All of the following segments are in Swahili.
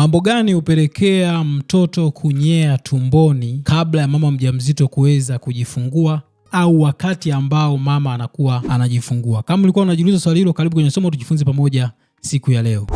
Mambo gani hupelekea mtoto kunyea tumboni kabla ya mama mjamzito kuweza kujifungua au wakati ambao mama anakuwa anajifungua? Kama ulikuwa unajiuliza swali hilo, karibu kwenye somo tujifunze pamoja siku ya leo.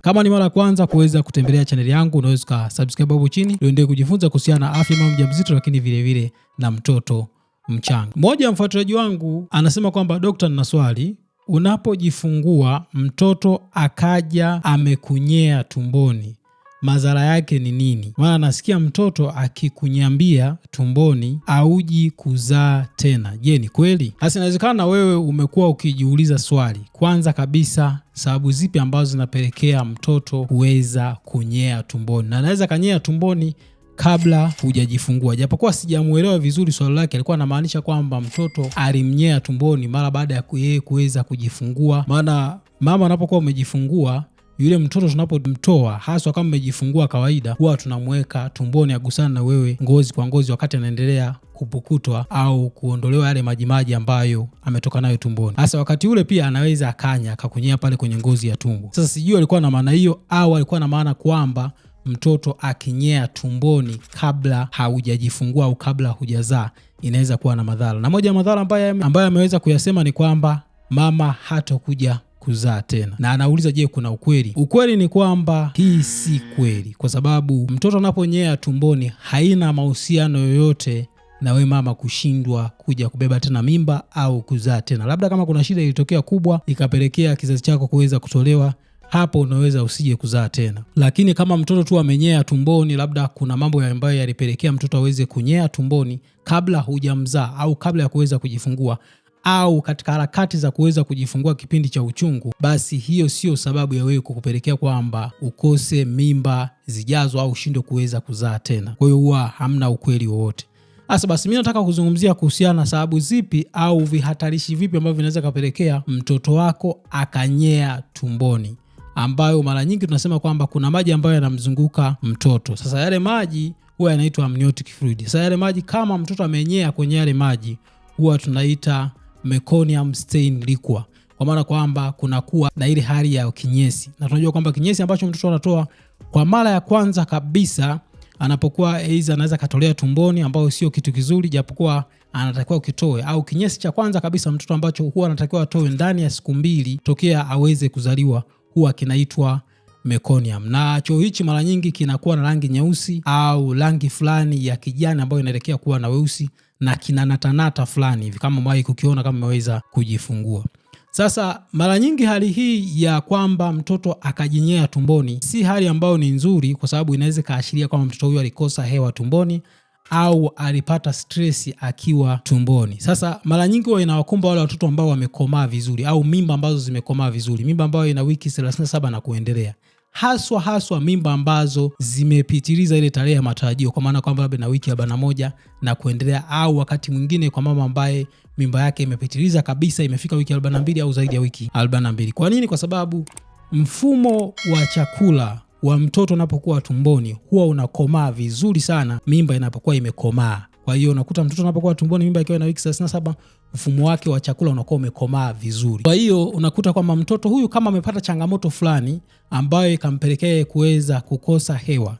Kama ni mara ya kwanza kuweza kutembelea chaneli yangu, unaweza ukasubscribe hapo chini uendelee kujifunza kuhusiana na afya mama mjamzito, lakini vilevile vile na mtoto mchanga. Mmoja ya mfuatiliaji wangu anasema kwamba dokta, nina swali Unapojifungua mtoto akaja amekunyea tumboni, madhara yake ni nini? Maana nasikia mtoto akikunyambia tumboni auji kuzaa tena. Je, ni kweli? Hasa inawezekana wewe umekuwa ukijiuliza swali, kwanza kabisa sababu zipi ambazo zinapelekea mtoto kuweza kunyea tumboni, na anaweza kanyea tumboni kabla hujajifungua. Japokuwa sijamuelewa vizuri swali lake, alikuwa anamaanisha kwamba mtoto alimnyea tumboni mara baada ya yeye kuweza kujifungua, maana mama anapokuwa umejifungua yule mtoto tunapomtoa haswa kama umejifungua kawaida, huwa tunamweka tumboni agusana na wewe ngozi kwa ngozi, wakati anaendelea kupukutwa au kuondolewa yale majimaji ambayo ametoka nayo tumboni. Hasa wakati ule pia anaweza akanya akakunyea pale kwenye ngozi ya tumbo. Sasa sijui alikuwa na maana hiyo au alikuwa na maana kwamba mtoto akinyea tumboni kabla haujajifungua au kabla hujazaa inaweza kuwa na madhara, na moja ya madhara ambayo ameweza kuyasema ni kwamba mama hatakuja kuzaa tena, na anauliza je, kuna ukweli? Ukweli ni kwamba hii si kweli, kwa sababu mtoto anaponyea tumboni haina mahusiano yoyote na we mama kushindwa kuja kubeba tena mimba au kuzaa tena, labda kama kuna shida ilitokea kubwa ikapelekea kizazi chako kuweza kutolewa hapo unaweza usije kuzaa tena. Lakini kama mtoto tu amenyea tumboni, labda kuna mambo ambayo yalipelekea mtoto aweze kunyea tumboni kabla hujamzaa au kabla ya kuweza kujifungua au katika harakati za kuweza kujifungua kipindi cha uchungu, basi hiyo sio sababu ya wewe kukupelekea kwamba ukose mimba zijazo au ushindwe kuweza kuzaa tena. Kwa hiyo huwa hamna ukweli wowote. Sasa basi, mimi nataka kuzungumzia kuhusiana na sababu zipi au vihatarishi vipi ambavyo vinaweza kapelekea mtoto wako akanyea tumboni ambayo mara nyingi tunasema kwamba kuna maji ambayo yanamzunguka mtoto. Sasa yale maji huwa yanaitwa amniotic fluid. Sasa yale maji kama mtoto amenyea kwenye yale maji huwa tunaita meconium stain liquor, kwa maana kwamba kunakuwa na ile hali ya kinyesi, na tunajua kwamba kinyesi ambacho mtoto anatoa kwa mara ya kwanza kabisa anapokuwa aidha anaweza katolea tumboni, ambayo sio kitu kizuri, japokuwa anatakiwa ukitoe, au kinyesi cha kwanza kabisa mtoto ambacho huwa anatakiwa atoe ndani ya siku mbili tokea aweze kuzaliwa, huwa kinaitwa meconium, na choo hichi mara nyingi kinakuwa na rangi nyeusi au rangi fulani ya kijani ambayo inaelekea kuwa na weusi na kinanatanata fulani hivi, kama mwai kukiona kama umeweza kujifungua. Sasa mara nyingi hali hii ya kwamba mtoto akajinyea tumboni si hali ambayo ni nzuri, kwa sababu inaweza ikaashiria kwamba mtoto huyo alikosa hewa tumboni au alipata stress akiwa tumboni. Sasa mara nyingi huwa inawakumba wale watoto ambao wamekomaa vizuri au mimba ambazo zimekomaa vizuri, mimba ambayo ina wiki 37 na kuendelea haswa haswa mimba ambazo zimepitiliza ile tarehe ya matarajio, kwa maana kwamba labda na wiki 41 na moja na kuendelea, au wakati mwingine kwa mama ambaye mimba yake imepitiliza kabisa, imefika wiki 42 mbili au zaidi ya wiki 42 mbili Kwa nini? Kwa sababu mfumo wa chakula wa mtoto unapokuwa tumboni huwa unakomaa vizuri sana mimba inapokuwa imekomaa. Kwa hiyo unakuta mtoto anapokuwa tumboni mimba ikiwa ina wiki 37 mfumo wake wa chakula unakuwa umekomaa vizuri. Kwa hiyo unakuta kwamba mtoto huyu kama amepata changamoto fulani ambayo ikampelekea kuweza kukosa hewa,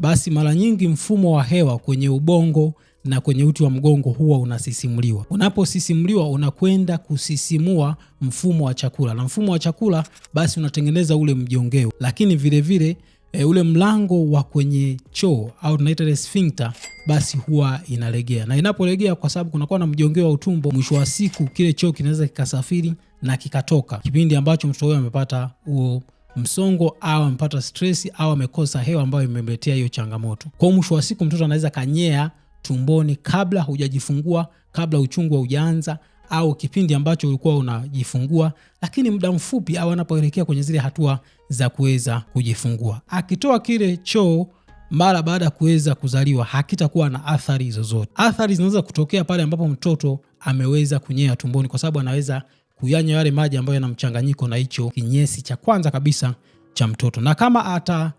basi mara nyingi mfumo wa hewa kwenye ubongo na kwenye uti wa mgongo huwa unasisimuliwa. Unaposisimuliwa unakwenda kusisimua mfumo wa chakula, na mfumo wa chakula basi unatengeneza ule mjongeo, lakini vilevile E, eh, ule mlango wa kwenye choo au tunaita sphincter basi huwa inalegea, na inapolegea, kwa sababu kunakuwa na mjongeo wa utumbo, mwisho wa siku kile choo kinaweza kikasafiri na kikatoka kipindi ambacho mtoto huyo amepata huo msongo au amepata stress au amekosa hewa ambayo imemletea hiyo changamoto. Kwa mwisho wa siku mtoto anaweza kanyea tumboni kabla hujajifungua, kabla uchungu haujaanza au kipindi ambacho ulikuwa unajifungua, lakini muda mfupi au anapoelekea kwenye zile hatua za kuweza kujifungua. Akitoa kile choo mara baada ya kuweza kuzaliwa hakitakuwa na athari zozote. Athari zinaweza kutokea pale ambapo mtoto ameweza kunyea tumboni, kwa sababu anaweza kuyanywa yale maji ambayo yana mchanganyiko na hicho kinyesi cha kwanza kabisa cha mtoto, na kama ata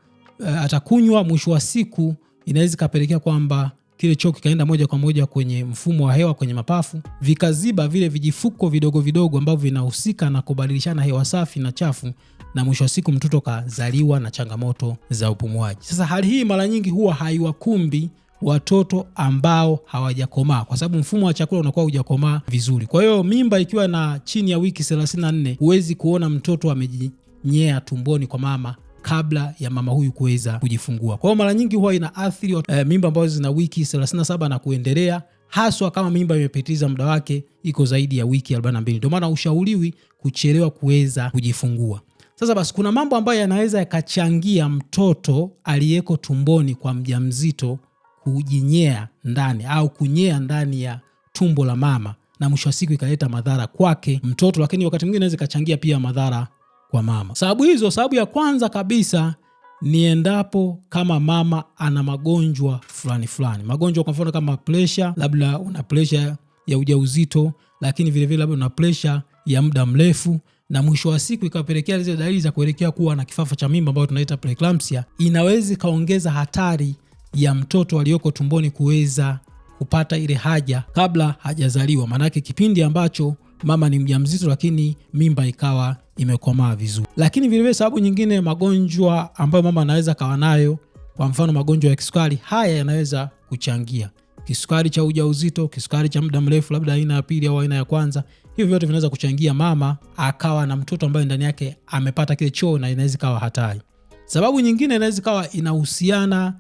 eh, atakunywa mwisho wa siku inaweza ikapelekea kwamba kile choo kikaenda moja kwa moja kwenye mfumo wa hewa kwenye mapafu, vikaziba vile vijifuko vidogo vidogo ambavyo vinahusika na kubadilishana hewa safi na chafu, na mwisho wa siku mtoto kazaliwa na changamoto za upumuaji. Sasa hali hii mara nyingi huwa haiwakumbi watoto ambao hawajakomaa kwa sababu mfumo wa chakula unakuwa hujakomaa vizuri. Kwa hiyo mimba ikiwa na chini ya wiki 34, huwezi kuona mtoto amejinyea tumboni kwa mama kabla ya mama huyu kuweza kujifungua. Kwa hiyo mara nyingi huwa wa, e, eh, mimba ambazo zina wiki 37 na kuendelea, haswa kama mimba imepitiliza muda wake, iko zaidi ya wiki 42. Ndio maana ushauriwi kuchelewa kuweza kujifungua. Sasa basi, kuna mambo ambayo yanaweza yakachangia mtoto aliyeko tumboni kwa mjamzito kujinyea ndani au kunyea ndani ya tumbo la mama na mwisho wa siku ikaleta madhara kwake mtoto, lakini wakati mwingine inaweza ikachangia pia madhara kwa mama. Sababu hizo, sababu ya kwanza kabisa ni endapo kama mama ana magonjwa fulani fulani, magonjwa kwa mfano kama presha, labda una presha ya ujauzito, lakini vilevile labda una presha ya muda mrefu na mwisho wa siku ikapelekea zile dalili za kuelekea kuwa na kifafa cha mimba ambayo tunaita preeclampsia, inaweza ikaongeza hatari ya mtoto aliyoko tumboni kuweza kupata ile haja kabla hajazaliwa, maanake kipindi ambacho mama ni mjamzito, lakini mimba ikawa imekomaa vizuri. Lakini vilevile sababu nyingine, magonjwa ambayo mama anaweza kawa nayo, kwa mfano magonjwa ya kisukari, haya yanaweza kuchangia kisukari cha ujauzito, kisukari cha muda mrefu, labda aina ya pili au aina ya kwanza. Hivyo vyote vinaweza kuchangia mama akawa na mtoto ambaye ndani yake amepata kile choo, na inaweza ikawa hatari. Sababu nyingine inaweza ikawa inahusiana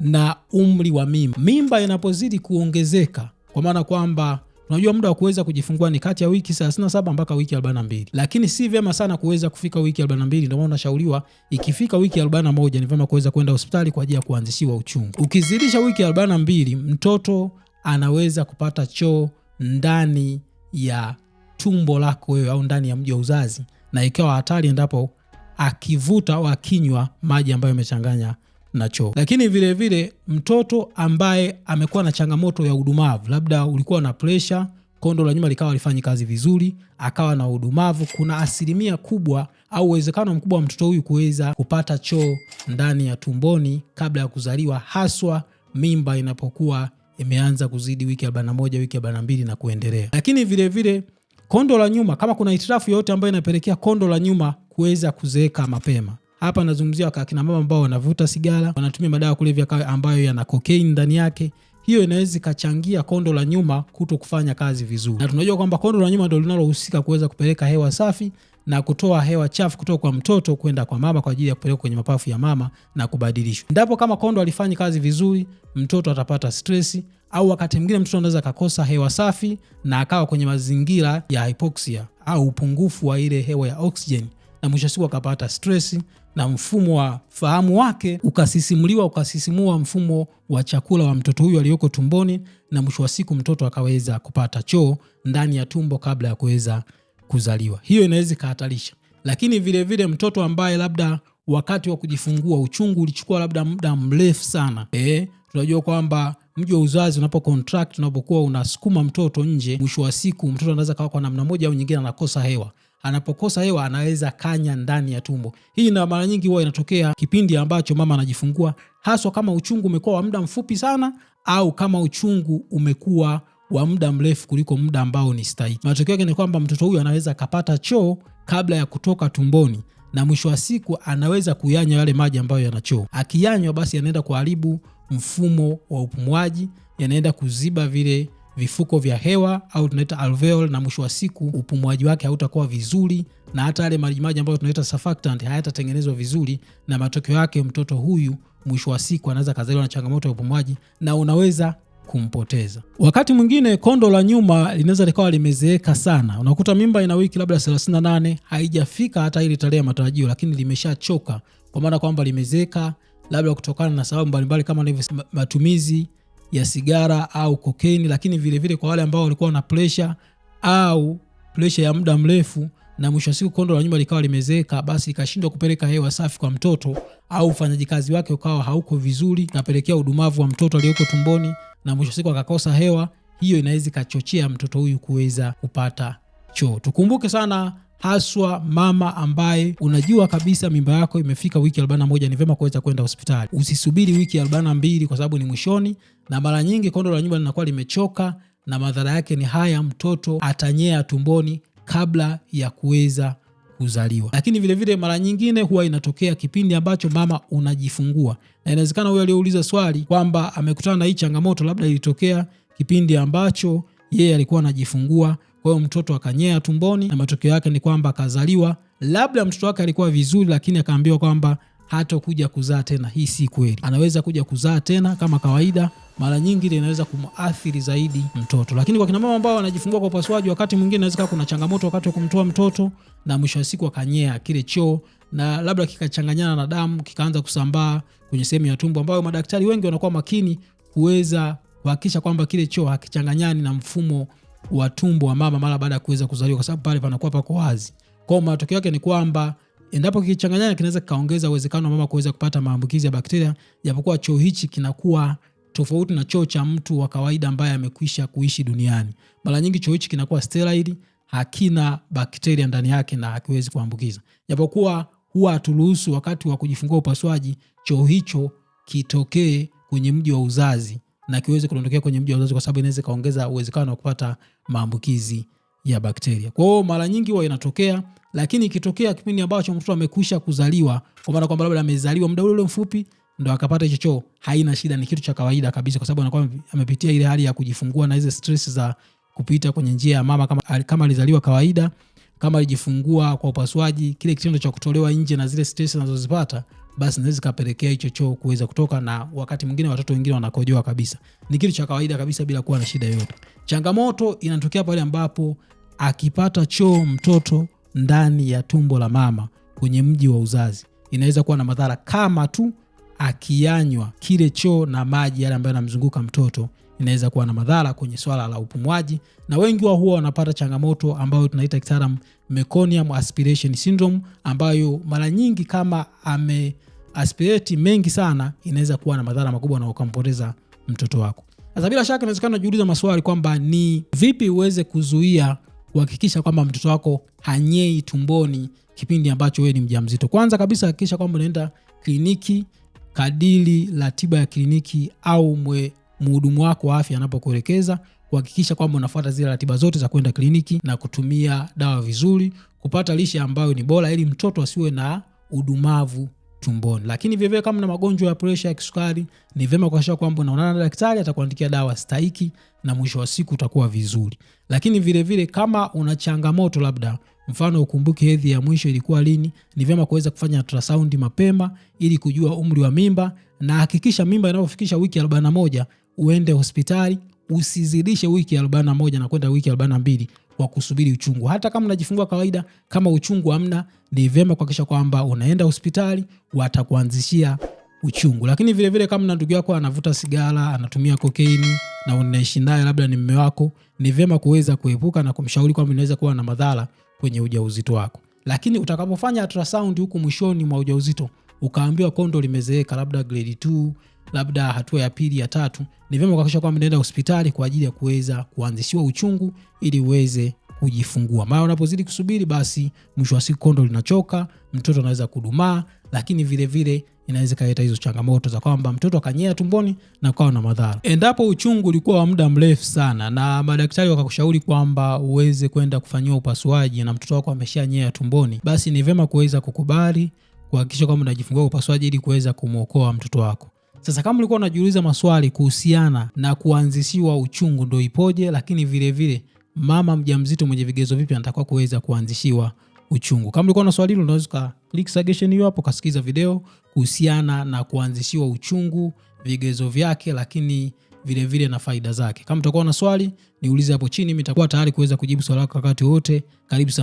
na umri wa mimba. Mimba inapozidi kuongezeka, kwa maana kwamba Unajua muda wa kuweza kujifungua ni kati ya wiki 37 mpaka wiki 42, lakini si vyema sana kuweza kufika wiki 42. Ndio maana unashauriwa ikifika wiki 41 ni vyema kuweza kwenda hospitali kwa ajili ya kuanzishiwa uchungu. Ukizidisha wiki 42, mtoto anaweza kupata choo ndani ya tumbo lako wewe au ndani ya mji wa uzazi, na ikawa hatari endapo akivuta au akinywa maji ambayo yamechanganya na choo. Lakini vile vile mtoto ambaye amekuwa na changamoto ya udumavu, labda ulikuwa na presha, kondo la nyuma likawa alifanyi kazi vizuri, akawa na udumavu, kuna asilimia kubwa au uwezekano mkubwa wa mtoto huyu kuweza kupata choo ndani ya tumboni kabla ya kuzaliwa, haswa mimba inapokuwa imeanza kuzidi wiki 41, wiki 42 na kuendelea. Lakini vile vile kondo la nyuma, kama kuna hitilafu yoyote ambayo inapelekea kondo la nyuma kuweza kuzeeka mapema hapa nazungumzia akina mama ambao wanavuta sigara, wanatumia madawa kulevya ambayo yana kokeini ndani yake hiyo inaweza ikachangia kondo la nyuma kuto kufanya kazi vizuri, na tunajua kwamba kondo la nyuma ndo linalohusika kuweza kupeleka hewa safi na kutoa hewa chafu kutoka kwa mtoto kwenda kwa mama kwa ajili ya kupelekwa kwenye mapafu ya mama na kubadilishwa. Endapo kama kondo alifanyi kazi vizuri, mtoto atapata stress, au wakati mwingine mtoto anaweza akakosa hewa safi na akawa kwenye mazingira ya hypoxia au upungufu wa ile hewa ya oksijeni na mwisho siku akapata stresi na mfumo wa fahamu wake ukasisimuliwa ukasisimua mfumo wa chakula wa mtoto huyu aliyoko tumboni, na mwisho wa siku mtoto akaweza kupata choo ndani ya tumbo kabla ya kuweza kuzaliwa. Hiyo inaweza ikahatarisha, lakini vilevile vile mtoto ambaye labda wakati wa kujifungua uchungu ulichukua labda muda mrefu sana, eh, tunajua kwamba mji wa uzazi unapo contract, unapokuwa unasukuma mtoto nje, mwisho wa siku mtoto anaweza kawa kwa namna moja au nyingine anakosa hewa anapokosa hewa anaweza kanya ndani ya tumbo. Hii na mara nyingi huwa inatokea kipindi ambacho mama anajifungua, haswa kama uchungu umekuwa wa muda mfupi sana au kama uchungu umekuwa wa muda mrefu kuliko muda ambao ni stahiki. Matokeo yake ni kwamba mtoto huyu anaweza akapata choo kabla ya kutoka tumboni, na mwisho wa siku anaweza kuyanywa yale maji ambayo yanachoo Akiyanywa basi anaenda kuharibu mfumo wa upumuaji, yanaenda kuziba vile vifuko vya hewa au tunaita alveol, na mwisho wa siku upumuaji wake hautakuwa vizuri, na hata yale majimaji ambayo tunaita surfactant hayatatengenezwa vizuri, na matokeo yake mtoto huyu mwisho wa siku anaweza kazaliwa na changamoto ya upumuaji na unaweza kumpoteza. Wakati mwingine kondo la nyuma linaweza likawa limezeeka sana, unakuta mimba ina wiki labda 38 haijafika hata ile tarehe ya matarajio, lakini limeshachoka kwa maana kwamba limezeeka labda kutokana na sababu mbalimbali kama nilivyosema, matumizi ya sigara au kokeni, lakini vilevile vile kwa wale ambao walikuwa na presha au presha ya muda mrefu, na mwisho wa siku kondo la nyuma likawa limezeeka, basi ikashindwa kupeleka hewa safi kwa mtoto au ufanyaji kazi wake ukawa hauko vizuri, kapelekea udumavu wa mtoto aliyoko tumboni, na mwisho wa siku akakosa hewa. Hiyo inaweza ikachochea mtoto huyu kuweza kupata choo. Tukumbuke sana haswa mama ambaye unajua kabisa mimba yako imefika wiki 41, ni vema kuweza kwenda hospitali. Usisubiri wiki 42 kwa sababu ni mwishoni, na mara nyingi kondo la nyumba linakuwa limechoka, na madhara yake ni haya, mtoto atanyea tumboni kabla ya kuweza kuzaliwa. Lakini vilevile mara nyingine huwa inatokea kipindi ambacho mama unajifungua, na inawezekana huyo aliyouliza swali kwamba amekutana na hii changamoto, labda ilitokea kipindi ambacho yeye alikuwa anajifungua kwa hiyo mtoto akanyea tumboni, na matokeo yake ni kwamba akazaliwa. Labda mtoto wake alikuwa vizuri, lakini akaambiwa kwamba kuja kuzaa tena. Hii si kweli, anaweza kuja kuzaa tena kama kawaida. Mara nyingi ile inaweza kumwathiri zaidi mtoto. Lakini kwa kinamama ambao wanajifungua kwa upasuaji, wakati mwingine inaweza kuna changamoto wakati wa kumtoa mtoto, na mwisho wa siku akanyea kile choo na labda kikachanganyana na damu kikaanza kusambaa kwenye sehemu ya tumbo, ambayo madaktari wengi wanakuwa makini kuweza kuhakikisha kwamba kile choo hakichanganyani na mfumo wa tumbo wa mama mara baada ya kuweza kuzaliwa, kwa sababu pale panakuwa pako wazi. Kwa hiyo matokeo yake ni kwamba endapo kikichanganyana kinaweza kikaongeza uwezekano wa mama kuweza kupata maambukizi ya bakteria, japokuwa choo hichi kinakuwa tofauti na choo cha mtu wa kawaida ambaye amekwisha kuishi duniani. Mara nyingi choo hichi kinakuwa sterile, hakina bakteria ndani yake na hakiwezi kuambukiza, japokuwa huwa haturuhusu wakati wa kujifungua upasuaji choo hicho kitokee kwenye mji wa uzazi na kiweze kudondokea kwenye mji wa uzazi, kwa sababu inaweza ikaongeza uwezekano wa kupata maambukizi ya bakteria. Kwa hiyo mara nyingi huwa inatokea, lakini ikitokea kipindi ambacho mtoto amekwisha kuzaliwa, kwa maana kwamba labda amezaliwa muda ule ule mfupi ndo akapata hicho choo, haina shida, ni kitu cha kawaida kabisa, kwa sababu anakuwa amepitia ile hali ya kujifungua na hizo stress za kupita kwenye njia ya mama kama, kama alizaliwa kawaida kama alijifungua kwa upasuaji, kile kitendo cha kutolewa nje na zile stress anazozipata basi naweza kapelekea hicho choo kuweza kutoka, na wakati mwingine watoto wengine wanakojoa kabisa. Ni kitu cha kawaida kabisa bila kuwa na shida yoyote. Changamoto inatokea pale ambapo akipata choo mtoto ndani ya tumbo la mama kwenye mji wa uzazi, inaweza kuwa na madhara kama tu akiyanywa kile choo na maji yale ambayo yanamzunguka mtoto inaweza kuwa na madhara kwenye swala la upumuaji, na wengi wao huwa wanapata changamoto ambayo tunaita kitaalam meconium aspiration syndrome, ambayo mara nyingi kama ame aspirate mengi sana inaweza kuwa na madhara makubwa na ukampoteza mtoto wako. Sasa bila shaka inawezekana unajiuliza maswali kwamba ni vipi uweze kuzuia kuhakikisha kwamba mtoto wako hanyei tumboni kipindi ambacho wewe ni mjamzito. Kwanza kabisa hakikisha kwamba unaenda kliniki kadiri ratiba ya kliniki au mwe mhudumu wako wa afya anapokuelekeza, kuhakikisha kwamba unafuata zile ratiba zote za kwenda kliniki na kutumia dawa vizuri, kupata lishe ambayo ni bora, ili mtoto asiwe na udumavu tumboni. Lakini vivyo kama na magonjwa ya presha ya kisukari, ni vyema kuhakikisha kwamba unaonana na daktari, atakuandikia dawa stahiki na mwisho wa siku utakuwa vizuri. Lakini vile vile kama una changamoto labda mfano ukumbuke hedhi ya mwisho ilikuwa lini, ni vyema kuweza kufanya ultrasound mapema ili kujua umri wa mimba, na hakikisha mimba inapofikisha wiki 41 uende hospitali, usizidishe wiki 41 na kwenda wiki 42 kwa kusubiri uchungu. Hata kama unajifungua kawaida, kama uchungu hamna, ni vyema kuhakikisha kwamba unaenda hospitali, watakuanzishia uchungu. Lakini vile vile kama na ndugu yako anavuta sigara, anatumia kokeini na unaishi naye, labda ni mume wako, ni vyema kuweza kuepuka na kumshauri kwamba inaweza kuwa na madhara kwenye ujauzito wako. Lakini utakapofanya ultrasound huku mwishoni mwa ujauzito ukaambiwa kondo limezeeka, labda grade 2 labda hatua ya pili ya tatu, ni vyema kuhakikisha kwamba unaenda hospitali kwa ajili ya kuweza kuanzishiwa uchungu ili uweze kujifungua. Mara unapozidi kusubiri, basi mwisho wa siku kondo linachoka, mtoto anaweza kudumaa, lakini vile vile inaweza kaleta hizo changamoto za kwamba mtoto akanyea tumboni na kuwa na madhara. Endapo uchungu ulikuwa wa muda mrefu sana na madaktari wakakushauri kwamba uweze kwenda kufanyiwa upasuaji na mtoto wako ameshanyea tumboni, basi ni vyema kuweza kukubali kuhakikisha kwamba unajifungua upasuaji ili kuweza kumwokoa mtoto wako. Sasa kama ulikuwa unajiuliza maswali kuhusiana na kuanzishiwa uchungu ndo ipoje, lakini vilevile vile, mama mjamzito mwenye vigezo vipi anatakiwa kuweza kuanzishiwa uchungu. Kama ulikuwa na swali hilo, unaweza click suggestion hiyo hapo kasikiza video kuhusiana na kuanzishiwa uchungu, vigezo vyake, lakini vilevile vile na faida zake. Kama utakuwa na swali niulize hapo chini, mimi nitakuwa tayari kuweza kujibu swali lako wakati wote. Karibu sana.